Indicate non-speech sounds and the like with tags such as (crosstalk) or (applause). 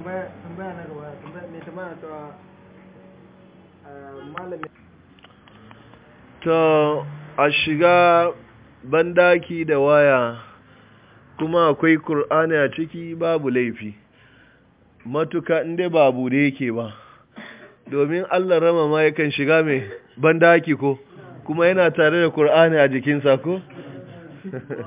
Eh, to a shiga bandaki da waya kuma akwai Kur'ani a ciki babu laifi matuka inda babu da yake ba domin allah rama ma yakan shiga mai bandaki ko kuma yana tare da Kur'ani a jikinsa ko (laughs)